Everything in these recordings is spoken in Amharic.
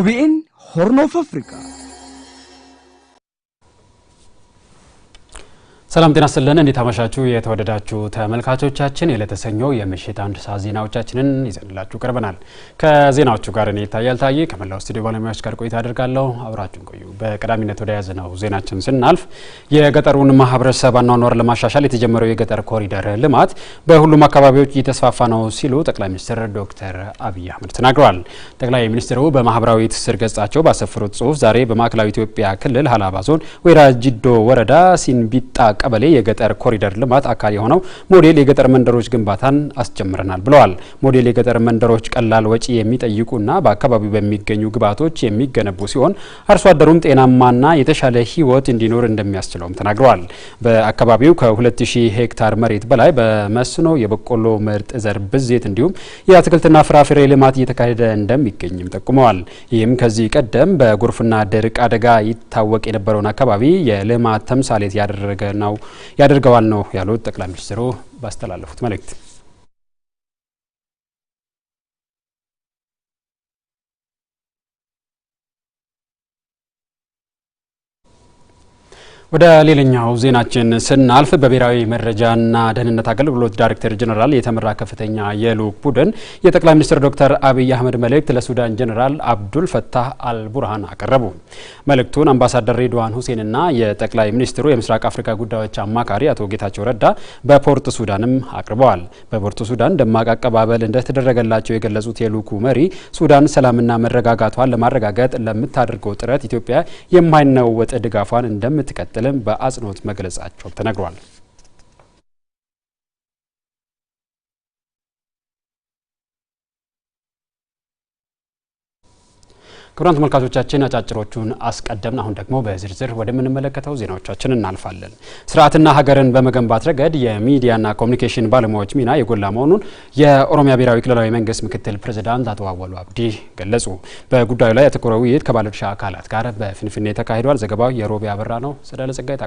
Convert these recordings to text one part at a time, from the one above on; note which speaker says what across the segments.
Speaker 1: OBN, Horn of Africa. ሰላም ጤና ስጥልን። እንዴት አመሻችሁ? የተወደዳችሁ ተመልካቾቻችን የለተሰኘው የምሽት አንድ ሰዓት ዜናዎቻችንን ይዘንላችሁ ቀርበናል። ከዜናዎቹ ጋር እኔ ይታያል ታዬ ከመላው ስቱዲዮ ባለሙያዎች ጋር ቆይታ አደርጋለሁ። አብራችሁን ቆዩ። በቀዳሚነት ወደ ያዝነው ዜናችን ስናልፍ የገጠሩን ማህበረሰብ አኗኗር ለማሻሻል የተጀመረው የገጠር ኮሪደር ልማት በሁሉም አካባቢዎች እየተስፋፋ ነው ሲሉ ጠቅላይ ሚኒስትር ዶክተር አብይ አህመድ ተናግረዋል። ጠቅላይ ሚኒስትሩ በማህበራዊ ትስስር ገጻቸው ባሰፈሩት ጽሁፍ ዛሬ በማዕከላዊ ኢትዮጵያ ክልል ሀላባ ዞን ወይራ ጅዶ ወረዳ ሲንቢጣ ቀበሌ የገጠር ኮሪደር ልማት አካል የሆነው ሞዴል የገጠር መንደሮች ግንባታን አስጀምረናል ብለዋል። ሞዴል የገጠር መንደሮች ቀላል ወጪ የሚጠይቁና በአካባቢው በሚገኙ ግብዓቶች የሚገነቡ ሲሆን አርሶ አደሩም ጤናማና የተሻለ ሕይወት እንዲኖር እንደሚያስችለውም ተናግረዋል። በአካባቢው ከ2000 ሄክታር መሬት በላይ በመስኖ የበቆሎ ምርጥ ዘር ብዜት እንዲሁም የአትክልትና ፍራፍሬ ልማት እየተካሄደ እንደሚገኝም ጠቁመዋል። ይህም ከዚህ ቀደም በጎርፍና ድርቅ አደጋ ይታወቅ የነበረውን አካባቢ የልማት ተምሳሌት ያደረገ ነው ያደርገዋል ነው ያሉት ጠቅላይ ሚኒስትሩ ባስተላለፉት መልእክት ወደ ሌላኛው ዜናችን ስናልፍ በብሔራዊ መረጃና ደህንነት አገልግሎት ዳይሬክተር ጀኔራል የተመራ ከፍተኛ የልዑክ ቡድን የጠቅላይ ሚኒስትር ዶክተር አብይ አህመድ መልእክት ለሱዳን ጀኔራል አብዱል ፈታህ አልቡርሃን አቀረቡ። መልእክቱን አምባሳደር ሬድዋን ሁሴንና የጠቅላይ ሚኒስትሩ የምስራቅ አፍሪካ ጉዳዮች አማካሪ አቶ ጌታቸው ረዳ በፖርት ሱዳንም አቅርበዋል። በፖርት ሱዳን ደማቅ አቀባበል እንደተደረገላቸው የገለጹት የልዑኩ መሪ ሱዳን ሰላምና መረጋጋቷን ለማረጋገጥ ለምታደርገው ጥረት ኢትዮጵያ የማይናወጥ ድጋፏን እንደምትቀጥል እንደሚቀጥልም በአጽንኦት መግለጻቸው ተነግሯል። ክቡራን ተመልካቾቻችን አጫጭሮቹን አስቀደምን። አሁን ደግሞ በዝርዝር ወደምንመለከተው ዜናዎቻችን እናልፋለን። ስርዓትና ሀገርን በመገንባት ረገድ የሚዲያና ኮሚኒኬሽን ባለሙያዎች ሚና የጎላ መሆኑን የኦሮሚያ ብሔራዊ ክልላዊ መንግስት ምክትል ፕሬዚዳንት አቶ አወሉ አብዲ ገለጹ። በጉዳዩ ላይ ያተኮረ ውይይት ከባለድርሻ አካላት ጋር በፍንፍኔ ተካሂዷል። ዘገባው የሮቢ አበራ ነው። ሰዳለ ጸጋይ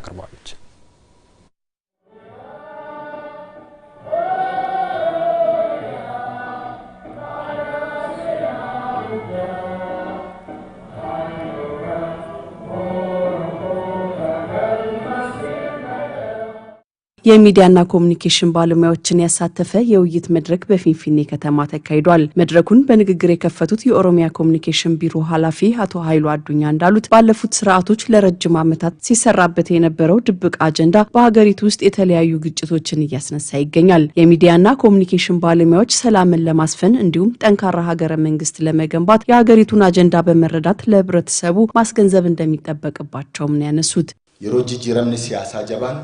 Speaker 1: የሚዲያና ኮሚኒኬሽን ባለሙያዎችን ያሳተፈ የውይይት መድረክ በፊንፊኔ ከተማ ተካሂዷል። መድረኩን በንግግር የከፈቱት የኦሮሚያ ኮሚኒኬሽን ቢሮ ኃላፊ አቶ ኃይሉ አዱኛ እንዳሉት ባለፉት ስርዓቶች ለረጅም ዓመታት ሲሰራበት የነበረው ድብቅ አጀንዳ በሀገሪቱ ውስጥ የተለያዩ ግጭቶችን እያስነሳ ይገኛል። የሚዲያና ኮሚኒኬሽን ባለሙያዎች ሰላምን ለማስፈን እንዲሁም ጠንካራ ሀገረ መንግስት ለመገንባት የሀገሪቱን አጀንዳ በመረዳት ለህብረተሰቡ ማስገንዘብ እንደሚጠበቅባቸውም ነው ያነሱት።
Speaker 2: የሮጂ ጅረምን ሲያሳ ጀባን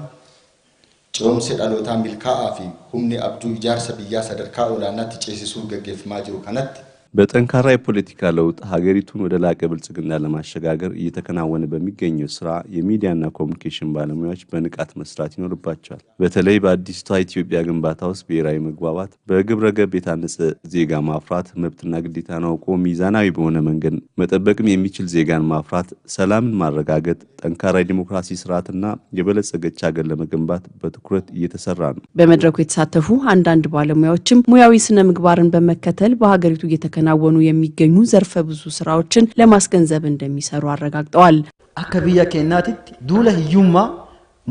Speaker 2: Cehumsi dhalootaa milkaa'aa fi humni abduu ijaarsa biyyaa sadarkaa olaanaatti ceesisuu gaggeeffamaa jiru kanatti
Speaker 1: በጠንካራ የፖለቲካ ለውጥ ሀገሪቱን ወደ ላቀ ብልጽግና ለማሸጋገር እየተከናወነ በሚገኘው ስራ የሚዲያና ኮሚኒኬሽን ባለሙያዎች በንቃት መስራት ይኖርባቸዋል። በተለይ በአዲስቷ ኢትዮጵያ ግንባታ ውስጥ ብሔራዊ መግባባት፣ በግብረ ገብ የታነጸ ዜጋ ማፍራት፣ መብትና ግዴታን አውቆ ሚዛናዊ በሆነ መንገድ መጠበቅም የሚችል ዜጋን ማፍራት፣ ሰላምን ማረጋገጥ፣ ጠንካራ የዲሞክራሲ ስርዓትና የበለጸገች ሀገር ለመገንባት በትኩረት እየተሰራ ነው። በመድረኩ የተሳተፉ አንዳንድ ባለሙያዎችም ሙያዊ ስነ ምግባርን በመከተል በሀገሪቱ እየተከ እየተከናወኑ የሚገኙ ዘርፈ ብዙ ስራዎችን ለማስገንዘብ እንደሚሰሩ አረጋግጠዋል።
Speaker 2: አከ ብያ ኬናቲት ዱለ ህዩማ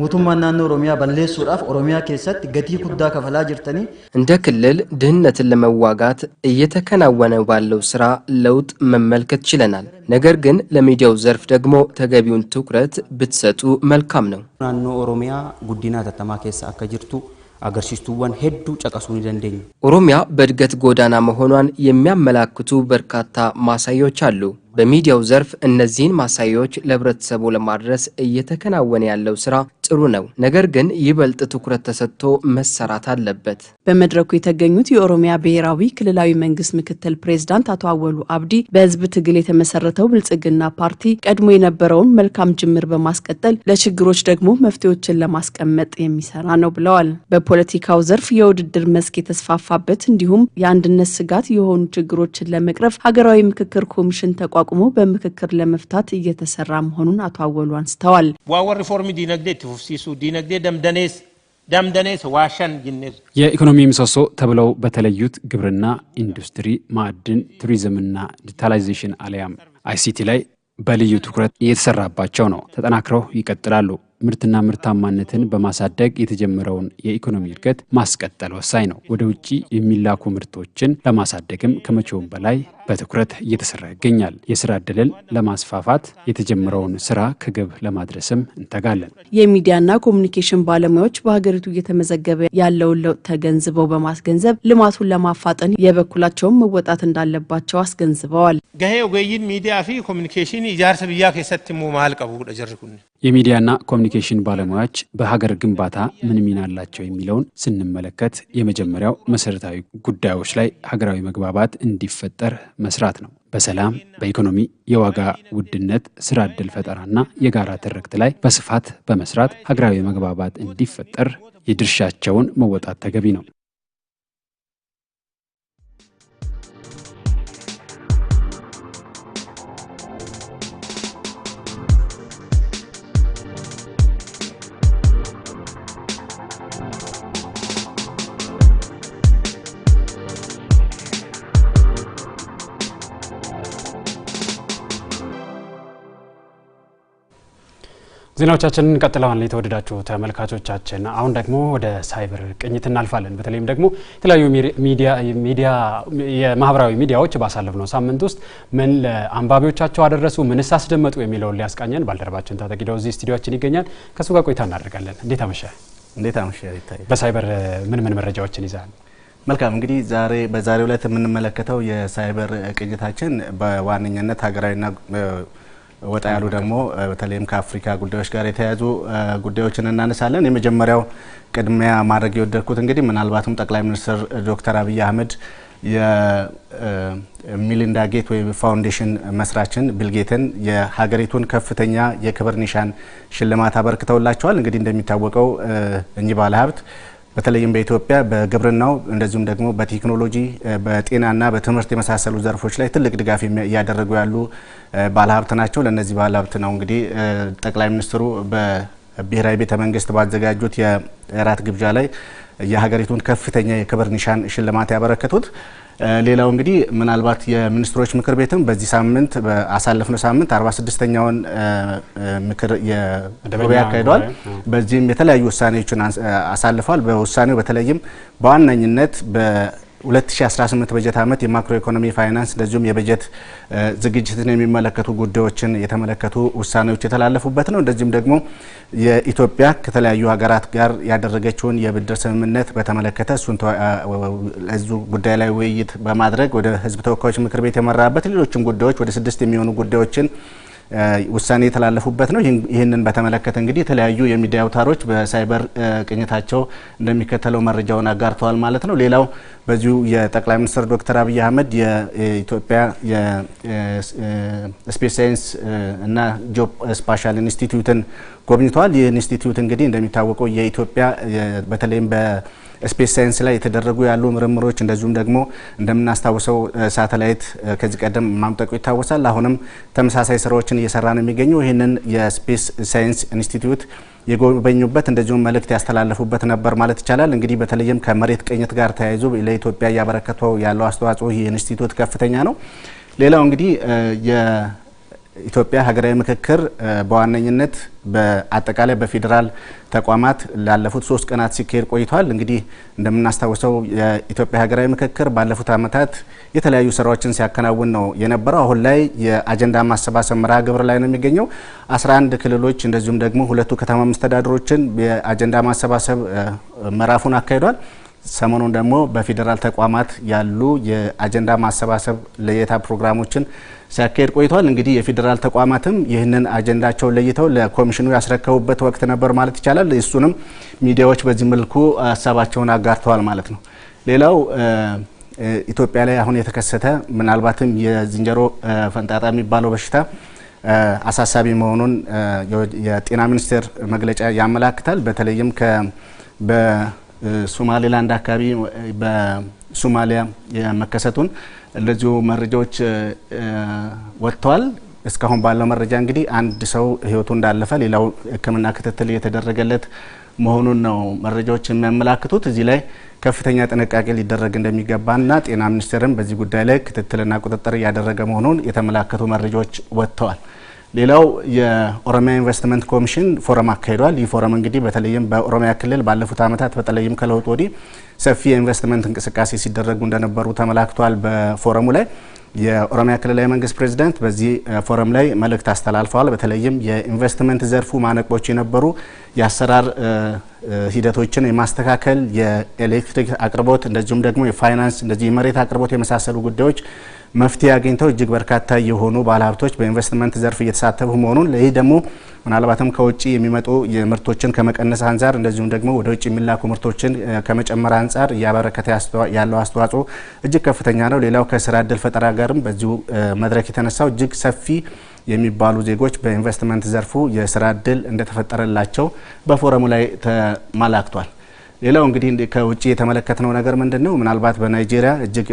Speaker 2: ሞቱማ ናኖ ኦሮሚያ ባለሱራፍ ኦሮሚያ ኬሰት ገቲ ኩዳ ከፈላ ጅርተኒ
Speaker 1: እንደ ክልል ድህነትን ለመዋጋት እየተከናወነ ባለው ስራ ለውጥ መመልከት ችለናል። ነገር ግን ለሚዲያው ዘርፍ ደግሞ ተገቢውን ትኩረት ብትሰጡ መልካም ነው።
Speaker 2: ናኖ ኦሮሚያ ጉዲና ተተማ ኬሳ አከጅርቱ አገርሲስቱዋን ሄዱ ጨቀሱ ደንደኙ
Speaker 1: ኦሮሚያ በእድገት ጎዳና መሆኗን የሚያመላክቱ በርካታ ማሳያዎች አሉ። በሚዲያው ዘርፍ እነዚህን ማሳያዎች ለህብረተሰቡ ለማድረስ እየተከናወነ ያለው ስራ ጥሩ ነው። ነገር ግን ይበልጥ ትኩረት ተሰጥቶ መሰራት አለበት። በመድረኩ የተገኙት የኦሮሚያ ብሔራዊ ክልላዊ መንግስት ምክትል ፕሬዝዳንት አቶ አወሉ አብዲ በህዝብ ትግል የተመሰረተው ብልጽግና ፓርቲ ቀድሞ የነበረውን መልካም ጅምር በማስቀጠል ለችግሮች ደግሞ መፍትሄዎችን ለማስቀመጥ የሚሰራ ነው ብለዋል። በፖለቲካው ዘርፍ የውድድር መስክ የተስፋፋበት እንዲሁም የአንድነት ስጋት የሆኑ ችግሮችን ለመቅረፍ ሀገራዊ ምክክር ኮሚሽን ተቋ አቋቁሞ በምክክር ለመፍታት እየተሰራ መሆኑን አቶ አወሉ አንስተዋል።
Speaker 2: ዋወር ሪፎርም ዲነግዴ ትፉፍሲሱ ዲነግዴ ደምደኔስ ደምደኔስ ዋሸን ጅንር
Speaker 1: የኢኮኖሚ ምሰሶ ተብለው በተለዩት ግብርና፣ ኢንዱስትሪ፣ ማዕድን፣ ቱሪዝምና ዲጂታላይዜሽን አሊያም አይሲቲ ላይ በልዩ ትኩረት እየተሰራባቸው ነው። ተጠናክረው ይቀጥላሉ። ምርትና ምርታማነትን በማሳደግ የተጀመረውን የኢኮኖሚ እድገት ማስቀጠል ወሳኝ ነው። ወደ ውጭ የሚላኩ ምርቶችን ለማሳደግም ከመቼውም በላይ በትኩረት እየተሰራ ይገኛል። የስራ እድልን ለማስፋፋት የተጀመረውን ስራ ከግብ ለማድረስም እንተጋለን። የሚዲያና ኮሚኒኬሽን ባለሙያዎች በሀገሪቱ እየተመዘገበ ያለውን ለውጥ ተገንዝበው በማስገንዘብ ልማቱን ለማፋጠን የበኩላቸውን መወጣት እንዳለባቸው አስገንዝበዋል።
Speaker 2: ገሄ ኦገይን ሚዲያ ፊ ኮሚኒኬሽን ኢጃርሰ ብያ ከሰትሙ ማል ቀቡ ጀርኩን
Speaker 1: የሚዲያና የኮሚኒኬሽን ባለሙያዎች በሀገር ግንባታ ምን ሚና አላቸው የሚለውን ስንመለከት የመጀመሪያው መሰረታዊ ጉዳዮች ላይ ሀገራዊ መግባባት እንዲፈጠር መስራት ነው። በሰላም፣ በኢኮኖሚ፣ የዋጋ ውድነት፣ ስራ ዕድል ፈጠራና የጋራ ትርክት ላይ በስፋት በመስራት ሀገራዊ መግባባት እንዲፈጠር የድርሻቸውን መወጣት ተገቢ ነው። ዜናዎቻችንን ቀጥለዋል። የተወደዳችሁ ተመልካቾቻችን፣ አሁን ደግሞ ወደ ሳይበር ቅኝት እናልፋለን። በተለይም ደግሞ የተለያዩ የማህበራዊ ሚዲያዎች ባሳለፍነው ሳምንት ውስጥ ምን ለአንባቢዎቻቸው አደረሱ፣ ምንስ አስደመጡ የሚለውን ሊያስቃኘን ባልደረባችን ታጠቂደው እዚህ ስቱዲዮችን ይገኛል። ከሱ ጋር ቆይታ እናደርጋለን። እንዴት አመሸ?
Speaker 2: እንዴት አመሸ? ይታያል።
Speaker 1: በሳይበር ምን ምን መረጃዎችን ይዛል?
Speaker 2: መልካም እንግዲህ ዛሬ በዛሬው ዕለት የምንመለከተው የሳይበር ቅኝታችን በዋነኛነት ሀገራዊና ወጣ ያሉ ደግሞ በተለይም ከአፍሪካ ጉዳዮች ጋር የተያያዙ ጉዳዮችን እናነሳለን። የመጀመሪያው ቅድሚያ ማድረግ የወደድኩት እንግዲህ ምናልባትም ጠቅላይ ሚኒስትር ዶክተር አብይ አህመድ የሚሊንዳ ጌት ወይ ፋውንዴሽን መስራችን ቢልጌትን የሀገሪቱን ከፍተኛ የክብር ኒሻን ሽልማት አበርክተውላቸዋል። እንግዲህ እንደሚታወቀው እኚህ ባለሀብት በተለይም በኢትዮጵያ በግብርናው እንደዚሁም ደግሞ በቴክኖሎጂ በጤናና በትምህርት የመሳሰሉ ዘርፎች ላይ ትልቅ ድጋፍ እያደረጉ ያሉ ባለሀብት ናቸው። ለእነዚህ ባለሀብት ነው እንግዲህ ጠቅላይ ሚኒስትሩ በብሔራዊ ቤተ መንግስት ባዘጋጁት የእራት ግብዣ ላይ የሀገሪቱን ከፍተኛ የክብር ኒሻን ሽልማት ያበረከቱት። ሌላው እንግዲህ ምናልባት የሚኒስትሮች ምክር ቤትም በዚህ ሳምንት በአሳለፍነው ሳምንት 46ኛውን ምክር ጉባኤ አካሂደዋል። በዚህም የተለያዩ ውሳኔዎችን አሳልፈዋል። በውሳኔው በተለይም በዋነኝነት 2018 በጀት ዓመት የማክሮ ኢኮኖሚ ፋይናንስ እንደዚሁም የበጀት ዝግጅትን የሚመለከቱ ጉዳዮችን የተመለከቱ ውሳኔዎች የተላለፉበት ነው። እንደዚሁም ደግሞ የኢትዮጵያ ከተለያዩ ሀገራት ጋር ያደረገችውን የብድር ስምምነት በተመለከተ እሱን ጉዳይ ላይ ውይይት በማድረግ ወደ ሕዝብ ተወካዮች ምክር ቤት የመራበት ሌሎችም ጉዳዮች ወደ ስድስት የሚሆኑ ጉዳዮችን ውሳኔ የተላለፉበት ነው። ይህንን በተመለከተ እንግዲህ የተለያዩ የሚዲያ አውታሮች በሳይበር ቅኝታቸው እንደሚከተለው መረጃውን አጋርተዋል ማለት ነው። ሌላው በዚሁ የጠቅላይ ሚኒስትር ዶክተር አብይ አህመድ የኢትዮጵያ የስፔስ ሳይንስ እና ጂኦ ስፓሻል ኢንስቲትዩትን ጎብኝተዋል። ይህ ኢንስቲትዩት እንግዲህ እንደሚታወቀው የኢትዮጵያ በተለይም በ ስፔስ ሳይንስ ላይ የተደረጉ ያሉ ምርምሮች እንደዚሁም ደግሞ እንደምናስታውሰው ሳተላይት ከዚህ ቀደም ማምጠቁ ይታወሳል። አሁንም ተመሳሳይ ስራዎችን እየሰራ ነው የሚገኘው። ይህንን የስፔስ ሳይንስ ኢንስቲትዩት የጎበኙበት እንደዚሁም መልእክት ያስተላለፉበት ነበር ማለት ይቻላል። እንግዲህ በተለይም ከመሬት ቅኝት ጋር ተያይዞ ለኢትዮጵያ እያበረከተው ያለው አስተዋጽኦ ይህ ኢንስቲትዩት ከፍተኛ ነው። ሌላው እንግዲህ ኢትዮጵያ ሀገራዊ ምክክር በዋነኝነት በአጠቃላይ በፌዴራል ተቋማት ላለፉት ሶስት ቀናት ሲካሄድ ቆይቷል። እንግዲህ እንደምናስታውሰው የኢትዮጵያ ሀገራዊ ምክክር ባለፉት ዓመታት የተለያዩ ስራዎችን ሲያከናውን ነው የነበረው። አሁን ላይ የአጀንዳ ማሰባሰብ መርሃ ግብር ላይ ነው የሚገኘው። 11 ክልሎች እንደዚሁም ደግሞ ሁለቱ ከተማ መስተዳድሮችን የአጀንዳ ማሰባሰብ ምዕራፉን አካሂዷል። ሰሞኑን ደግሞ በፌዴራል ተቋማት ያሉ የአጀንዳ ማሰባሰብ ለየታ ፕሮግራሞችን ሲያካሄድ ቆይቷል። እንግዲህ የፌዴራል ተቋማትም ይህንን አጀንዳቸውን ለይተው ለኮሚሽኑ ያስረከቡበት ወቅት ነበር ማለት ይቻላል። እሱንም ሚዲያዎች በዚህ መልኩ ሀሳባቸውን አጋርተዋል ማለት ነው። ሌላው ኢትዮጵያ ላይ አሁን የተከሰተ ምናልባትም የዝንጀሮ ፈንጣጣ የሚባለው በሽታ አሳሳቢ መሆኑን የጤና ሚኒስቴር መግለጫ ያመላክታል። በተለይም በሶማሌላንድ አካባቢ ሶማሊያ መከሰቱን እንደዚሁ መረጃዎች ወጥተዋል። እስካሁን ባለው መረጃ እንግዲህ አንድ ሰው ህይወቱ እንዳለፈ ሌላው ሕክምና ክትትል እየተደረገለት መሆኑን ነው መረጃዎች የሚያመላክቱት። እዚህ ላይ ከፍተኛ ጥንቃቄ ሊደረግ እንደሚገባና ጤና ሚኒስቴርም በዚህ ጉዳይ ላይ ክትትልና ቁጥጥር እያደረገ መሆኑን የተመላከቱ መረጃዎች ወጥተዋል። ሌላው የኦሮሚያ ኢንቨስትመንት ኮሚሽን ፎረም አካሂዷል። ይህ ፎረም እንግዲህ በተለይም በኦሮሚያ ክልል ባለፉት ዓመታት በተለይም ከለውጥ ወዲህ ሰፊ የኢንቨስትመንት እንቅስቃሴ ሲደረጉ እንደነበሩ ተመላክቷል። በፎረሙ ላይ የኦሮሚያ ክልላዊ መንግስት ፕሬዚዳንት በዚህ ፎረም ላይ መልእክት አስተላልፈዋል። በተለይም የኢንቨስትመንት ዘርፉ ማነቆች የነበሩ የአሰራር ሂደቶችን የማስተካከል የኤሌክትሪክ አቅርቦት እንደዚሁም ደግሞ የፋይናንስ እንደዚህ የመሬት አቅርቦት የመሳሰሉ ጉዳዮች መፍትሄ አግኝተው እጅግ በርካታ የሆኑ ባለሀብቶች በኢንቨስትመንት ዘርፍ እየተሳተፉ መሆኑን ይህ ደግሞ ምናልባትም ከውጭ የሚመጡ ምርቶችን ከመቀነስ አንጻር እንደዚሁም ደግሞ ወደ ውጭ የሚላኩ ምርቶችን ከመጨመር አንጻር እያበረከተ ያለው አስተዋጽኦ እጅግ ከፍተኛ ነው። ሌላው ከስራ እድል ፈጠራ ጋርም በዚሁ መድረክ የተነሳው እጅግ ሰፊ የሚባሉ ዜጎች በኢንቨስትመንት ዘርፉ የስራ እድል እንደተፈጠረላቸው በፎረሙ ላይ ተመላክቷል። ሌላው እንግዲህ ከውጭ የተመለከትነው ነገር ምንድን ነው? ምናልባት በናይጄሪያ እጅግ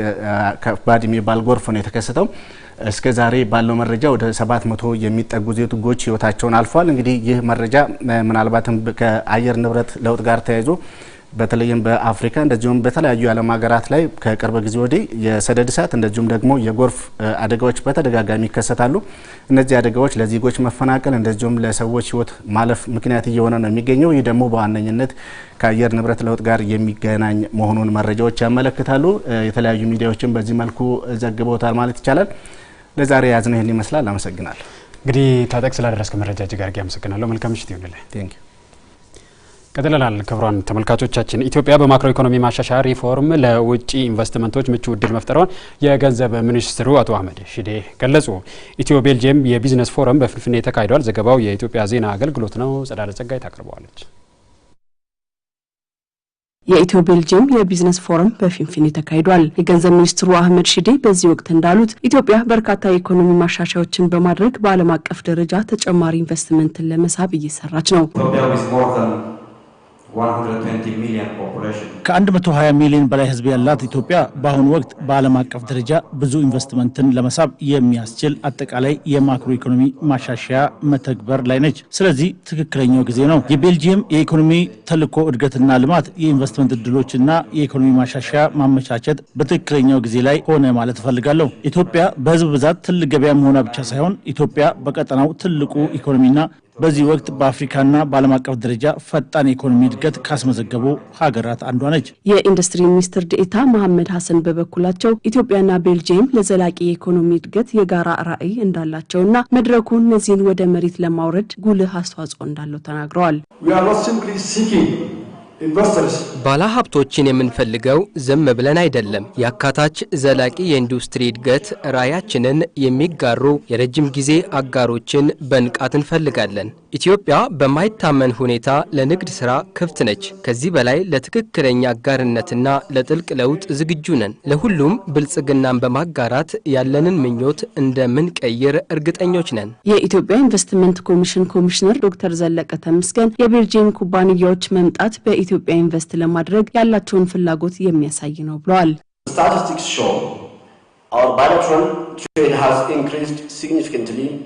Speaker 2: ከባድ የሚባል ጎርፍ ነው የተከሰተው። እስከ ዛሬ ባለው መረጃ ወደ 700 የሚጠጉ ዜጎች ህይወታቸውን አልፏል። እንግዲህ ይህ መረጃ ምናልባትም ከአየር ንብረት ለውጥ ጋር ተያይዞ በተለይም በአፍሪካ እንደዚሁም በተለያዩ የዓለም ሀገራት ላይ ከቅርብ ጊዜ ወዲህ የሰደድ እሳት እንደዚሁም ደግሞ የጎርፍ አደጋዎች በተደጋጋሚ ይከሰታሉ። እነዚህ አደጋዎች ለዜጎች መፈናቀል እንደዚሁም ለሰዎች ሕይወት ማለፍ ምክንያት እየሆነ ነው የሚገኘው። ይህ ደግሞ በዋነኝነት ከአየር ንብረት ለውጥ ጋር የሚገናኝ መሆኑን መረጃዎች ያመለክታሉ። የተለያዩ ሚዲያዎችን በዚህ መልኩ ዘግበውታል ማለት ይቻላል። ለዛሬ ያዝነው ይህን ይመስላል። አመሰግናለሁ።
Speaker 1: እንግዲህ ታጠቅ ስላደረስከ መረጃ እጅግ አድርጌ አመሰግናለሁ። መልካም ምሽት ይሆንልህ። ቀጥለናል። ክቡራን ተመልካቾቻችን ኢትዮጵያ በማክሮ ኢኮኖሚ ማሻሻያ ሪፎርም ለውጭ ኢንቨስትመንቶች ምቹ እድል መፍጠሯን የገንዘብ ሚኒስትሩ አቶ አህመድ ሽዴ ገለጹ። ኢትዮ ቤልጅየም የቢዝነስ ፎረም በፍንፍኔ ተካሂዷል። ዘገባው የኢትዮጵያ ዜና አገልግሎት ነው። ጸዳለ ጸጋይ ታቀርበዋለች። የኢትዮ ቤልጅየም የቢዝነስ ፎረም በፊንፊኔ ተካሂዷል። የገንዘብ ሚኒስትሩ አህመድ ሺዴ በዚህ ወቅት እንዳሉት ኢትዮጵያ በርካታ የኢኮኖሚ ማሻሻያዎችን በማድረግ በዓለም አቀፍ ደረጃ ተጨማሪ ኢንቨስትመንትን ለመሳብ እየሰራች ነው። ከ120 ሚሊዮን በላይ ህዝብ ያላት ኢትዮጵያ በአሁኑ ወቅት በዓለም አቀፍ ደረጃ ብዙ ኢንቨስትመንትን ለመሳብ የሚያስችል አጠቃላይ የማክሮ ኢኮኖሚ ማሻሻያ መተግበር ላይ ነች። ስለዚህ ትክክለኛው ጊዜ ነው። የቤልጅየም የኢኮኖሚ ተልዕኮ እድገትና ልማት የኢንቨስትመንት እድሎችና የኢኮኖሚ ማሻሻያ ማመቻቸት በትክክለኛው ጊዜ ላይ ሆነ ማለት እፈልጋለሁ። ኢትዮጵያ በህዝብ ብዛት ትልቅ ገበያ መሆኗ ብቻ ሳይሆን ኢትዮጵያ በቀጠናው ትልቁ ኢኮኖሚና በዚህ ወቅት በአፍሪካና በዓለም አቀፍ ደረጃ ፈጣን የኢኮኖሚ እድገት ካስመዘገቡ ሀገራት አንዷ ነች። የኢንዱስትሪ ሚኒስትር ዴኤታ መሐመድ ሀሰን በበኩላቸው ኢትዮጵያና ቤልጅየም ለዘላቂ የኢኮኖሚ እድገት የጋራ ራዕይ እንዳላቸውና መድረኩ እነዚህን ወደ መሬት ለማውረድ ጉልህ አስተዋጽኦ እንዳለው ተናግረዋል። ባለ ሀብቶችን የምንፈልገው ዝም ብለን አይደለም። የአካታች ዘላቂ የኢንዱስትሪ እድገት ራዕያችንን የሚጋሩ የረጅም ጊዜ አጋሮችን በንቃት እንፈልጋለን። ኢትዮጵያ በማይታመን ሁኔታ ለንግድ ሥራ ክፍት ነች። ከዚህ በላይ ለትክክለኛ አጋርነትና ለጥልቅ ለውጥ ዝግጁ ነን። ለሁሉም ብልጽግናን በማጋራት ያለንን ምኞት እንደምንቀይር እርግጠኞች ነን። የኢትዮጵያ ኢንቨስትመንት ኮሚሽን ኮሚሽነር ዶክተር ዘለቀ ተመስገን የቤልጂየም ኩባንያዎች መምጣት በ በኢትዮጵያ ኢንቨስት ለማድረግ ያላቸውን ፍላጎት የሚያሳይ ነው ብለዋል።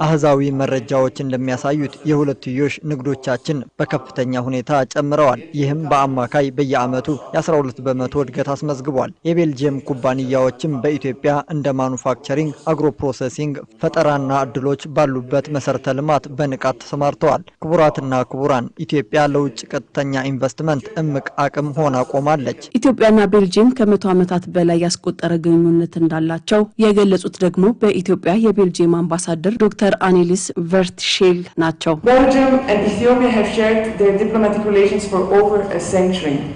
Speaker 1: አህዛዊ መረጃዎች እንደሚያሳዩት የሁለትዮሽ ንግዶቻችን በከፍተኛ ሁኔታ ጨምረዋል። ይህም በአማካይ በየዓመቱ የ12 በመቶ እድገት አስመዝግቧል። የቤልጅየም ኩባንያዎችም በኢትዮጵያ እንደ ማኑፋክቸሪንግ፣ አግሮ ፕሮሰሲንግ፣ ፈጠራና እድሎች ባሉበት መሰረተ ልማት በንቃት ተሰማርተዋል። ክቡራትና ክቡራን፣ ኢትዮጵያ ለውጭ ቀጥተኛ ኢንቨስትመንት እምቅ አቅም ሆና ቆማለች። ኢትዮጵያና ቤልጅየም ከመቶ ዓመታት በላይ ያስቆጠረ ግንኙነት እንዳላቸው የገለጹት ደግሞ ደግሞ በኢትዮጵያ የቤልጅየም አምባሳደር ዶክተር አኔሊስ ቨርትሼል ናቸው።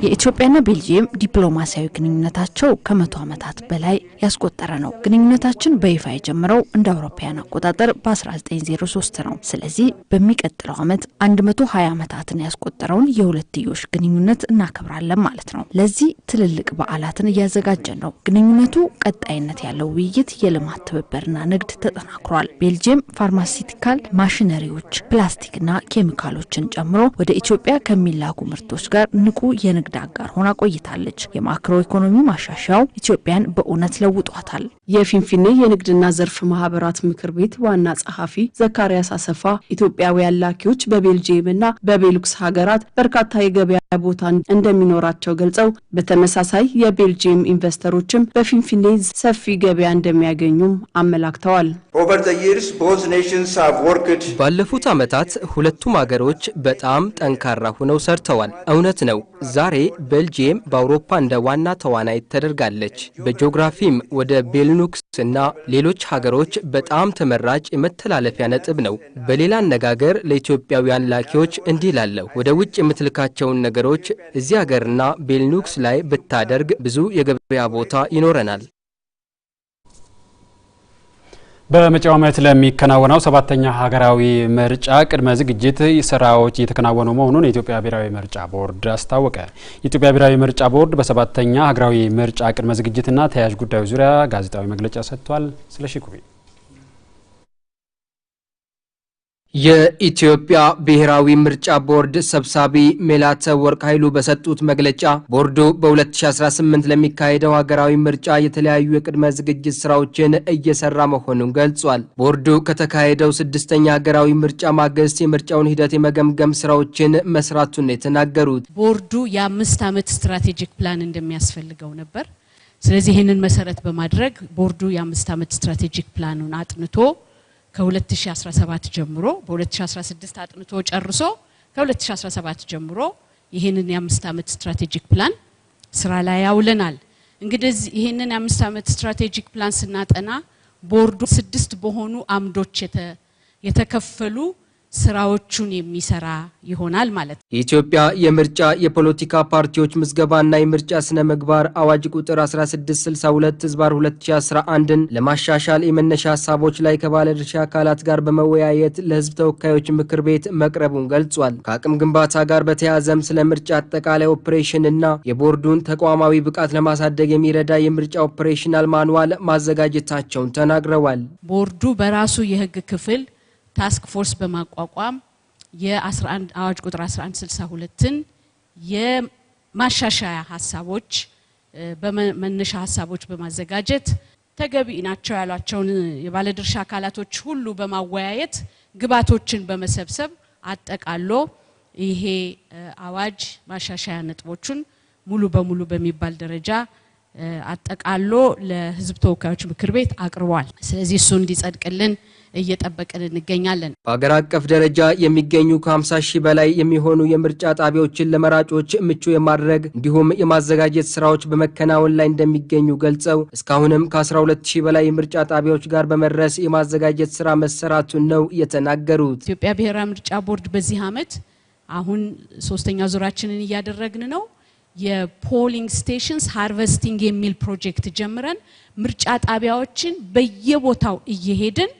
Speaker 1: የኢትዮጵያና ቤልጅየም ዲፕሎማሲያዊ ግንኙነታቸው ከመቶ ዓመታት በላይ ያስቆጠረ ነው። ግንኙነታችን በይፋ የጀመረው እንደ አውሮፓውያን አቆጣጠር በ1903 ነው። ስለዚህ በሚቀጥለው ዓመት 120 ዓመታትን ያስቆጠረውን የሁለትዮሽ ግንኙነት እናከብራለን ማለት ነው። ለዚህ ትልልቅ በዓላትን እያዘጋጀን ነው። ግንኙነቱ ቀጣይነት ያለው ውይይት፣ የልማት ትብብርና ንግድ ተጠናክሯል። ቤልጅየም ፋርማሲቲካል ማሽነሪዎች፣ ፕላስቲክና ኬሚካሎችን ጨምሮ ወደ ኢትዮጵያ ከሚላኩ ምርቶች ጋር ንቁ የንግድ አጋር ሆና ቆይታለች። የማክሮ ኢኮኖሚ ማሻሻያው ኢትዮጵያን በእውነት ለውጧታል። የፊንፊኔ የንግድና ዘርፍ ማህበራት ምክር ቤት ዋና ጸሐፊ ዘካርያስ አሰፋ ኢትዮጵያውያን ላኪዎች በቤልጅየምና በቤሉክስ ሀገራት በርካታ የገበያ ቦታ እንደሚኖራቸው ገልጸው በተመሳሳይ የቤልጅየም ኢንቨስተሮችም በፊንፊኔ ሰፊ ገበያ እንደሚያገኙም አመላክተዋል። ባለፉት ዓመታት ሁለቱም አገሮች በጣም ጠንካራ ሆነው ሰርተዋል። እውነት ነው። ዛሬ ቤልጅየም በአውሮፓ እንደ ዋና ተዋናይት ተደርጋለች። በጂኦግራፊም ወደ ቤልኑክስ እና ሌሎች ሀገሮች በጣም ተመራጭ የመተላለፊያ ነጥብ ነው። በሌላ አነጋገር ለኢትዮጵያውያን ላኪዎች እንዲህ ላለሁ ወደ ውጭ የምትልካቸውን ነገሮች እዚህ ሀገርና ቤልኑክስ ላይ ብታደርግ ብዙ የገበያ ቦታ ይኖረናል። በመጪው ዓመት ለሚከናወነው ሰባተኛ ሀገራዊ ምርጫ ቅድመ ዝግጅት ስራዎች እየተከናወኑ መሆኑን የኢትዮጵያ ብሔራዊ ምርጫ ቦርድ አስታወቀ። የኢትዮጵያ ብሔራዊ ምርጫ ቦርድ በሰባተኛ ሀገራዊ ምርጫ ቅድመ ዝግጅትና ተያያዥ ጉዳዮች ዙሪያ ጋዜጣዊ መግለጫ ሰጥቷል። ስለሺ ኩቢ የኢትዮጵያ ብሔራዊ ምርጫ ቦርድ ሰብሳቢ ሜላተ ወርቅ ኃይሉ በሰጡት መግለጫ ቦርዱ በ2018 ለሚካሄደው ሀገራዊ ምርጫ የተለያዩ የቅድመ ዝግጅት ስራዎችን እየሰራ መሆኑን ገልጿል። ቦርዱ ከተካሄደው ስድስተኛ ሀገራዊ ምርጫ ማግስት የምርጫውን ሂደት የመገምገም ስራዎችን መስራቱን ነው የተናገሩት። ቦርዱ የአምስት ዓመት ስትራቴጂክ ፕላን እንደሚያስፈልገው ነበር። ስለዚህ ይህንን መሰረት በማድረግ ቦርዱ የአምስት ዓመት ስትራቴጂክ ፕላኑን አጥንቶ ከ2017 ጀምሮ በ2016 አጥንቶ ጨርሶ ከ2017 ጀምሮ ይህንን የአምስት ዓመት ስትራቴጂክ ፕላን ስራ ላይ ያውለናል። እንግዲህ ይህንን የአምስት ዓመት ስትራቴጂክ ፕላን ስናጠና ቦርዱ ስድስት በሆኑ አምዶች የተከፈሉ ስራዎቹን የሚሰራ ይሆናል ማለት ነው። የኢትዮጵያ የምርጫ የፖለቲካ ፓርቲዎች ምዝገባና የምርጫ ስነ ምግባር አዋጅ ቁጥር 1662 ህዝባር 2011ን ለማሻሻል የመነሻ ሀሳቦች ላይ ከባለድርሻ አካላት ጋር በመወያየት ለህዝብ ተወካዮች ምክር ቤት መቅረቡን ገልጿል። ከአቅም ግንባታ ጋር በተያያዘም ስለ ምርጫ አጠቃላይ ኦፕሬሽን እና የቦርዱን ተቋማዊ ብቃት ለማሳደግ የሚረዳ የምርጫ ኦፕሬሽናል ማንዋል ማዘጋጀታቸውን ተናግረዋል። ቦርዱ በራሱ የህግ ክፍል ታስክ ፎርስ በማቋቋም የ11 አዋጅ ቁጥር 1162ን የማሻሻያ ሀሳቦች በመነሻ ሀሳቦች በማዘጋጀት ተገቢ ናቸው ያሏቸውን የባለድርሻ አካላቶች ሁሉ በማወያየት ግባቶችን በመሰብሰብ አጠቃሎ ይሄ አዋጅ ማሻሻያ ነጥቦቹን ሙሉ በሙሉ በሚባል ደረጃ አጠቃሎ ለሕዝብ ተወካዮች ምክር ቤት አቅርቧል። ስለዚህ እሱ እንዲጸድቅልን እየጠበቅን እንገኛለን። በአገር አቀፍ ደረጃ የሚገኙ ከ50 ሺህ በላይ የሚሆኑ የምርጫ ጣቢያዎችን ለመራጮች ምቹ የማድረግ እንዲሁም የማዘጋጀት ስራዎች በመከናወን ላይ እንደሚገኙ ገልጸው እስካሁንም ከ12 ሺህ በላይ የምርጫ ጣቢያዎች ጋር በመድረስ የማዘጋጀት ስራ መሰራቱን ነው የተናገሩት። ኢትዮጵያ ብሔራዊ ምርጫ ቦርድ በዚህ ዓመት አሁን ሶስተኛ ዙራችንን እያደረግን ነው። የፖሊንግ ስቴሽንስ ሃርቨስቲንግ የሚል ፕሮጀክት ጀምረን ምርጫ ጣቢያዎችን በየቦታው እየሄድን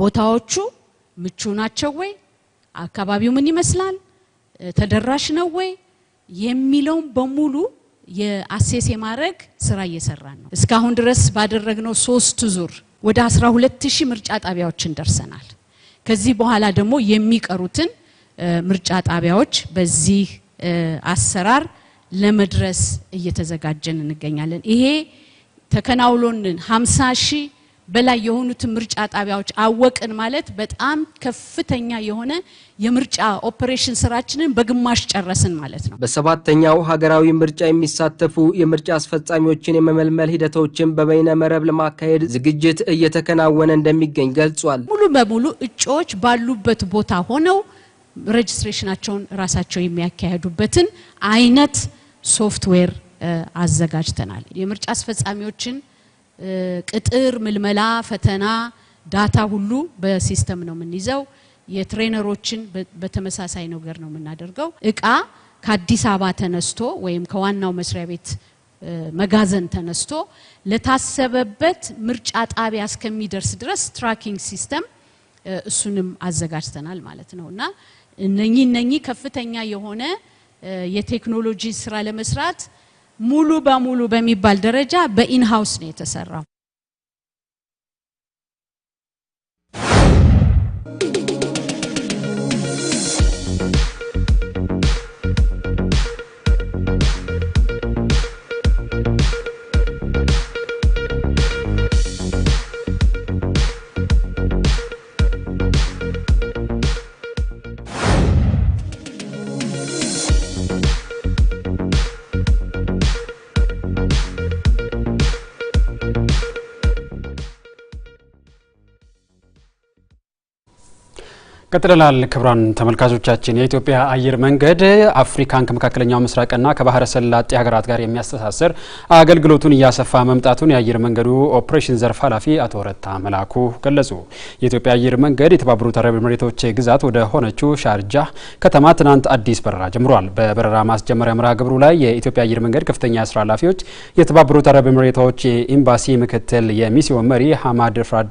Speaker 1: ቦታዎቹ ምቹ ናቸው ወይ፣ አካባቢው ምን ይመስላል፣ ተደራሽ ነው ወይ የሚለውን በሙሉ የአሴስ የማድረግ ስራ እየሰራን ነው። እስካሁን ድረስ ባደረግነው ሶስት ዙር ወደ 12 ምርጫ ጣቢያዎችን ደርሰናል። ከዚህ በኋላ ደግሞ የሚቀሩትን ምርጫ ጣቢያዎች በዚህ አሰራር ለመድረስ እየተዘጋጀን እንገኛለን። ይሄ ተከናውሎንን 50 ሺህ በላይ የሆኑትን ምርጫ ጣቢያዎች አወቅን ማለት በጣም ከፍተኛ የሆነ የምርጫ ኦፕሬሽን ስራችንን በግማሽ ጨረስን ማለት ነው። በሰባተኛው ሀገራዊ ምርጫ የሚሳተፉ የምርጫ አስፈጻሚዎችን የመመልመል ሂደቶችን በበይነ መረብ ለማካሄድ ዝግጅት እየተከናወነ እንደሚገኝ ገልጿል። ሙሉ በሙሉ እጩዎች ባሉበት ቦታ ሆነው ሬጅስትሬሽናቸውን ራሳቸው የሚያካሄዱበትን አይነት ሶፍትዌር አዘጋጅተናል። የምርጫ አስፈጻሚዎችን ቅጥር፣ ምልመላ፣ ፈተና፣ ዳታ ሁሉ በሲስተም ነው የምንይዘው። የትሬነሮችን በተመሳሳይ ነገር ነው የምናደርገው። እቃ ከአዲስ አበባ ተነስቶ ወይም ከዋናው መስሪያ ቤት መጋዘን ተነስቶ ለታሰበበት ምርጫ ጣቢያ እስከሚደርስ ድረስ ትራኪንግ ሲስተም እሱንም አዘጋጅተናል ማለት ነው እና እነኚህ እነኚህ ከፍተኛ የሆነ የቴክኖሎጂ ስራ ለመስራት ሙሉ በሙሉ በሚባል ደረጃ በኢንሃውስ ነው የተሰራው። ቀጥለናል። ክቡራን ተመልካቾቻችን የኢትዮጵያ አየር መንገድ አፍሪካን ከመካከለኛው ምስራቅና ከባህረ ሰላጤ ሀገራት ጋር የሚያስተሳሰር አገልግሎቱን እያሰፋ መምጣቱን የአየር መንገዱ ኦፕሬሽን ዘርፍ ኃላፊ አቶ ረታ መላኩ ገለጹ። የኢትዮጵያ አየር መንገድ የተባበሩት አረብ ኤምሬቶች ግዛት ወደ ሆነችው ሻርጃ ከተማ ትናንት አዲስ በረራ ጀምሯል። በበረራ ማስጀመሪያ መርሃ ግብሩ ላይ የኢትዮጵያ አየር መንገድ ከፍተኛ ስራ ኃላፊዎች፣ የተባበሩት አረብ ኤምሬቶች የኤምባሲ ምክትል የሚሲዮን መሪ ሀማድ ፍራድ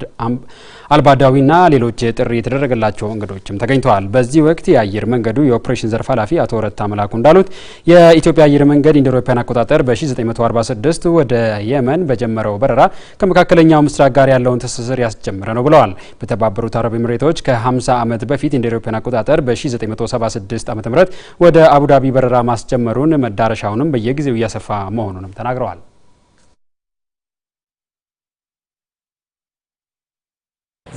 Speaker 1: አልባዳዊና ሌሎች ጥሪ የተደረገላቸው እንግዶችም ተገኝተዋል። በዚህ ወቅት የአየር መንገዱ የኦፕሬሽን ዘርፍ ኃላፊ አቶ ረታ መላኩ እንዳሉት የኢትዮጵያ አየር መንገድ እንደ አውሮፓውያን አቆጣጠር በ1946 ወደ የመን በጀመረው በረራ ከመካከለኛው ምስራቅ ጋር ያለውን ትስስር ያስጀመረ ነው ብለዋል። በተባበሩት አረብ ኤምሬቶች ከ50 ዓመት በፊት እንደ አውሮፓውያን አቆጣጠር በ1976 ዓ ም ወደ አቡዳቢ በረራ ማስጀመሩን መዳረሻውንም በየጊዜው እያሰፋ መሆኑንም ተናግረዋል።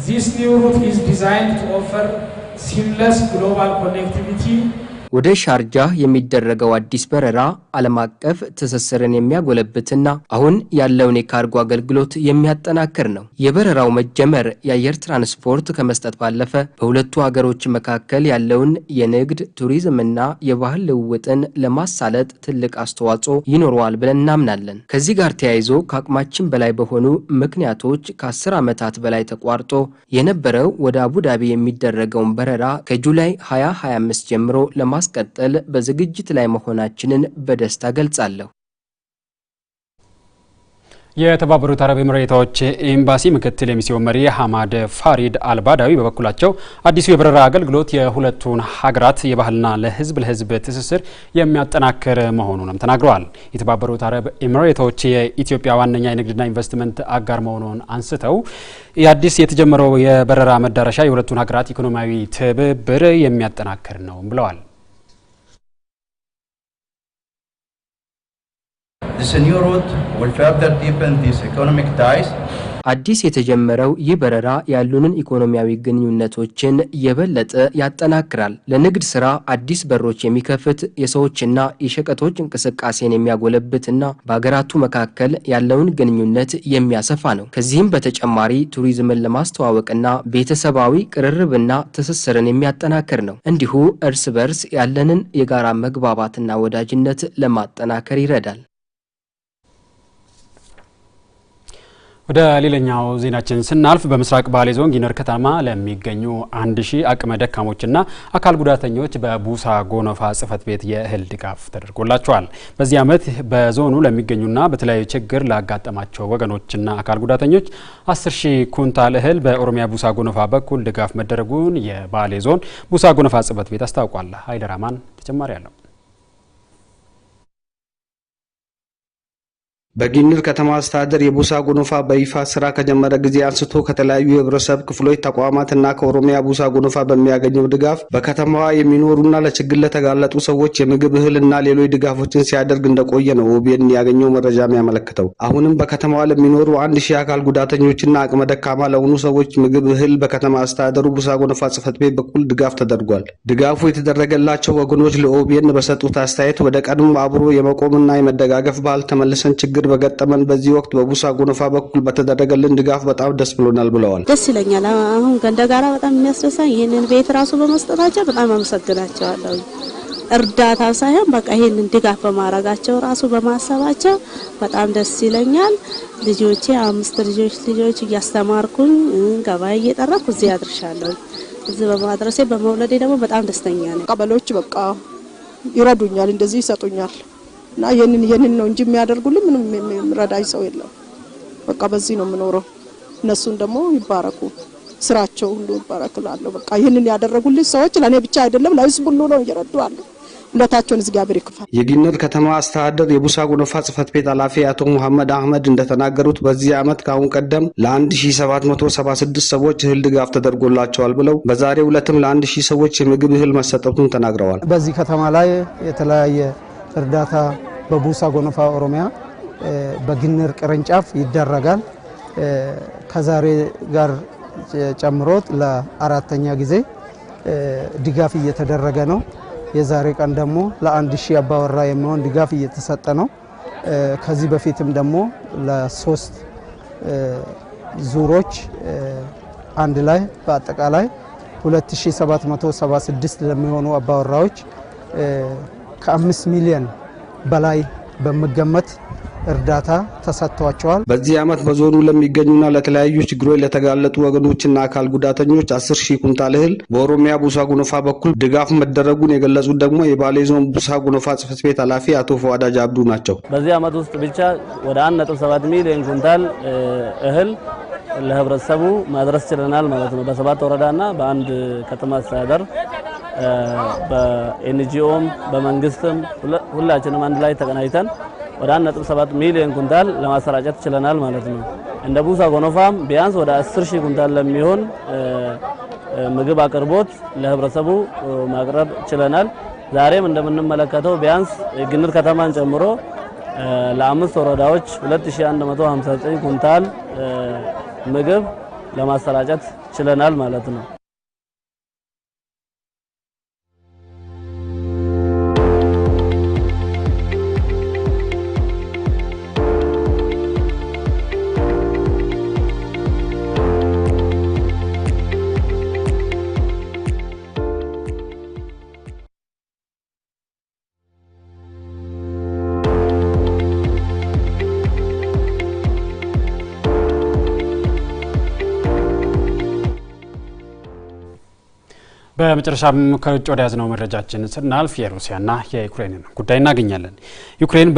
Speaker 1: This new route is designed to offer seamless global connectivity ወደ ሻርጃ የሚደረገው አዲስ በረራ ዓለም አቀፍ ትስስርን የሚያጎለብትና አሁን ያለውን የካርጎ አገልግሎት የሚያጠናክር ነው። የበረራው መጀመር የአየር ትራንስፖርት ከመስጠት ባለፈ በሁለቱ ሀገሮች መካከል ያለውን የንግድ ቱሪዝምና የባህል ልውውጥን ለማሳለጥ ትልቅ አስተዋጽኦ ይኖረዋል ብለን እናምናለን። ከዚህ ጋር ተያይዞ ከአቅማችን በላይ በሆኑ ምክንያቶች ከአስር ዓመታት በላይ ተቋርጦ የነበረው ወደ አቡዳቢ የሚደረገውን በረራ ከጁላይ 2025 ጀምሮ ለማ ለማስቀጠል በዝግጅት ላይ መሆናችንን በደስታ ገልጻለሁ። የተባበሩት አረብ ኤምሬቶች ኤምባሲ ምክትል የሚስዮን መሪ ሀማድ ፋሪድ አልባዳዊ በበኩላቸው አዲሱ የበረራ አገልግሎት የሁለቱን ሀገራት የባህልና ለህዝብ ለህዝብ ትስስር የሚያጠናክር መሆኑንም ተናግረዋል። የተባበሩት አረብ ኤምሬቶች የኢትዮጵያ ዋነኛ የንግድና ኢንቨስትመንት አጋር መሆኑን አንስተው የአዲስ የተጀመረው የበረራ መዳረሻ የሁለቱን ሀገራት ኢኮኖሚያዊ ትብብር የሚያጠናክር ነው ብለዋል። አዲስ የተጀመረው ይህ በረራ ያሉንን ኢኮኖሚያዊ ግንኙነቶችን የበለጠ ያጠናክራል። ለንግድ ስራ አዲስ በሮች የሚከፍት የሰዎችና የሸቀጦች እንቅስቃሴን የሚያጎለብት እና በሀገራቱ መካከል ያለውን ግንኙነት የሚያሰፋ ነው። ከዚህም በተጨማሪ ቱሪዝምን ለማስተዋወቅና ቤተሰባዊ ቅርርብና ትስስርን የሚያጠናክር ነው። እንዲሁ እርስ በርስ ያለንን የጋራ መግባባትና ወዳጅነት ለማጠናከር ይረዳል። ወደ ሌላኛው ዜናችን ስናልፍ በምስራቅ ባሌ ዞን ጊነር ከተማ ለሚገኙ አንድ ሺህ አቅመ ደካሞችና አካል ጉዳተኞች በቡሳ ጎኖፋ ጽህፈት ቤት የእህል ድጋፍ ተደርጎላቸዋል። በዚህ ዓመት በዞኑ ለሚገኙና በተለያዩ ችግር ላጋጠማቸው ወገኖችና አካል ጉዳተኞች አስር ሺህ ኩንታል እህል በኦሮሚያ ቡሳ ጎኖፋ በኩል ድጋፍ መደረጉን የባሌ ዞን ቡሳ ጎኖፋ ጽህፈት ቤት አስታውቋል። ሀይደራማን ተጨማሪ አለው በጊንር ከተማ አስተዳደር የቡሳ ጎኖፋ በይፋ ስራ ከጀመረ ጊዜ አንስቶ ከተለያዩ የህብረተሰብ ክፍሎች ተቋማትና ከኦሮሚያ ቡሳ ጎኖፋ በሚያገኘው ድጋፍ በከተማዋ የሚኖሩና ለችግር ለተጋለጡ ሰዎች የምግብ እህል እና ሌሎች ድጋፎችን ሲያደርግ እንደቆየ ነው ኦቤን ያገኘው መረጃ የሚያመለክተው። አሁንም በከተማዋ ለሚኖሩ አንድ ሺህ አካል ጉዳተኞችና አቅመ ደካማ ለሆኑ ሰዎች ምግብ እህል በከተማ አስተዳደሩ ቡሳ ጎኖፋ ጽህፈት ቤት በኩል ድጋፍ ተደርጓል። ድጋፉ የተደረገላቸው ወገኖች ለኦቤን በሰጡት አስተያየት ወደ ቀድሞ አብሮ የመቆምና የመደጋገፍ ባህል ተመልሰን ችግር ኮቪድ በገጠመን በዚህ ወቅት በቡሳ ጎኖፋ በኩል በተደረገልን ድጋፍ በጣም ደስ ብሎናል ብለዋል። ደስ ይለኛል። አሁን ገንደ ጋራ በጣም የሚያስደሳ ይህንን ቤት ራሱ በመስጠታቸው በጣም አመሰግናቸዋለሁ። እርዳታ ሳይሆን በቃ ይህንን ድጋፍ በማድረጋቸው ራሱ በማሰባቸው በጣም ደስ ይለኛል። ልጆቼ አምስት ልጆች ልጆች እያስተማርኩኝ ገበያ እየጠረኩ እዚህ አድርሻለሁ። እዚህ በማድረሴ በመውለዴ ደግሞ በጣም ደስተኛ ነኝ። ቀበሌዎች በቃ ይረዱኛል፣ እንደዚህ ይሰጡኛል። እና ይህንን ይህንን ነው እንጂ የሚያደርጉልን ምንም የሚረዳኝ ሰው የለም። በቃ በዚህ ነው የምኖረው። እነሱን ደግሞ ይባረኩ፣ ስራቸው ሁሉ ይባረክላለሁ። በቃ ይህንን ያደረጉልኝ ሰዎች ለእኔ ብቻ አይደለም ለህዝብ ሁሉ ነው እየረዱ አሉ። ሁለታቸውን እግዚአብሔር ይክፋል። የጊንር ከተማ አስተዳደር የቡሳ ጎነፋ ጽህፈት ቤት ኃላፊ አቶ መሐመድ አህመድ እንደተናገሩት በዚህ ዓመት ከአሁን ቀደም ለ1776 ሰዎች እህል ድጋፍ ተደርጎላቸዋል ብለው በዛሬው ዕለትም ለ1000 ሰዎች የምግብ እህል መሰጠቱን ተናግረዋል። በዚህ ከተማ ላይ የተለያየ እርዳታ በቡሳ ጎነፋ ኦሮሚያ በግንር ቅርንጫፍ ይደረጋል። ከዛሬ ጋር ጨምሮት ለአራተኛ ጊዜ ድጋፍ እየተደረገ ነው። የዛሬ ቀን ደግሞ ለአንድ ሺህ አባወራ የሚሆን ድጋፍ እየተሰጠ ነው። ከዚህ በፊትም ደግሞ ለሶስት ዙሮች አንድ ላይ በአጠቃላይ 2776 ለሚሆኑ አባወራዎች ከአምስት ሚሊዮን በላይ በሚገመት እርዳታ ተሰጥቷቸዋል። በዚህ ዓመት በዞኑ ለሚገኙና ለተለያዩ ችግሮች ለተጋለጡ ወገኖችና አካል ጉዳተኞች አስር ሺህ ኩንታል እህል በኦሮሚያ ቡሳ ጉኖፋ በኩል ድጋፍ መደረጉን የገለጹት ደግሞ የባሌ ዞን ቡሳ ጉኖፋ ጽሕፈት ቤት ኃላፊ አቶ ፈዋዳጅ አብዱ ናቸው። በዚህ ዓመት ውስጥ ብቻ ወደ 1.7 ሚሊዮን ኩንታል እህል ለህብረተሰቡ ማድረስ ችለናል ማለት ነው። በሰባት ወረዳና በአንድ ከተማ አስተዳደር በኤንጂኦም በመንግስትም ሁላችንም አንድ ላይ ተቀናጅተን ወደ 1.7 ሚሊዮን ኩንታል ለማሰራጨት ችለናል ማለት ነው። እንደ ቡሳ ጎኖፋም ቢያንስ ወደ 10 ሺህ ኩንታል ለሚሆን ምግብ አቅርቦት ለህብረተሰቡ ማቅረብ ችለናል። ዛሬም እንደምንመለከተው ቢያንስ ግንር ከተማን ጨምሮ ለአምስት ወረዳዎች 2159 ኩንታል ምግብ ለማሰራጨት ችለናል ማለት ነው። በመጨረሻም ከውጭ ወደ ያዝነው መረጃችን ስናልፍ የሩሲያና የዩክሬንን ጉዳይ እናገኛለን። ዩክሬን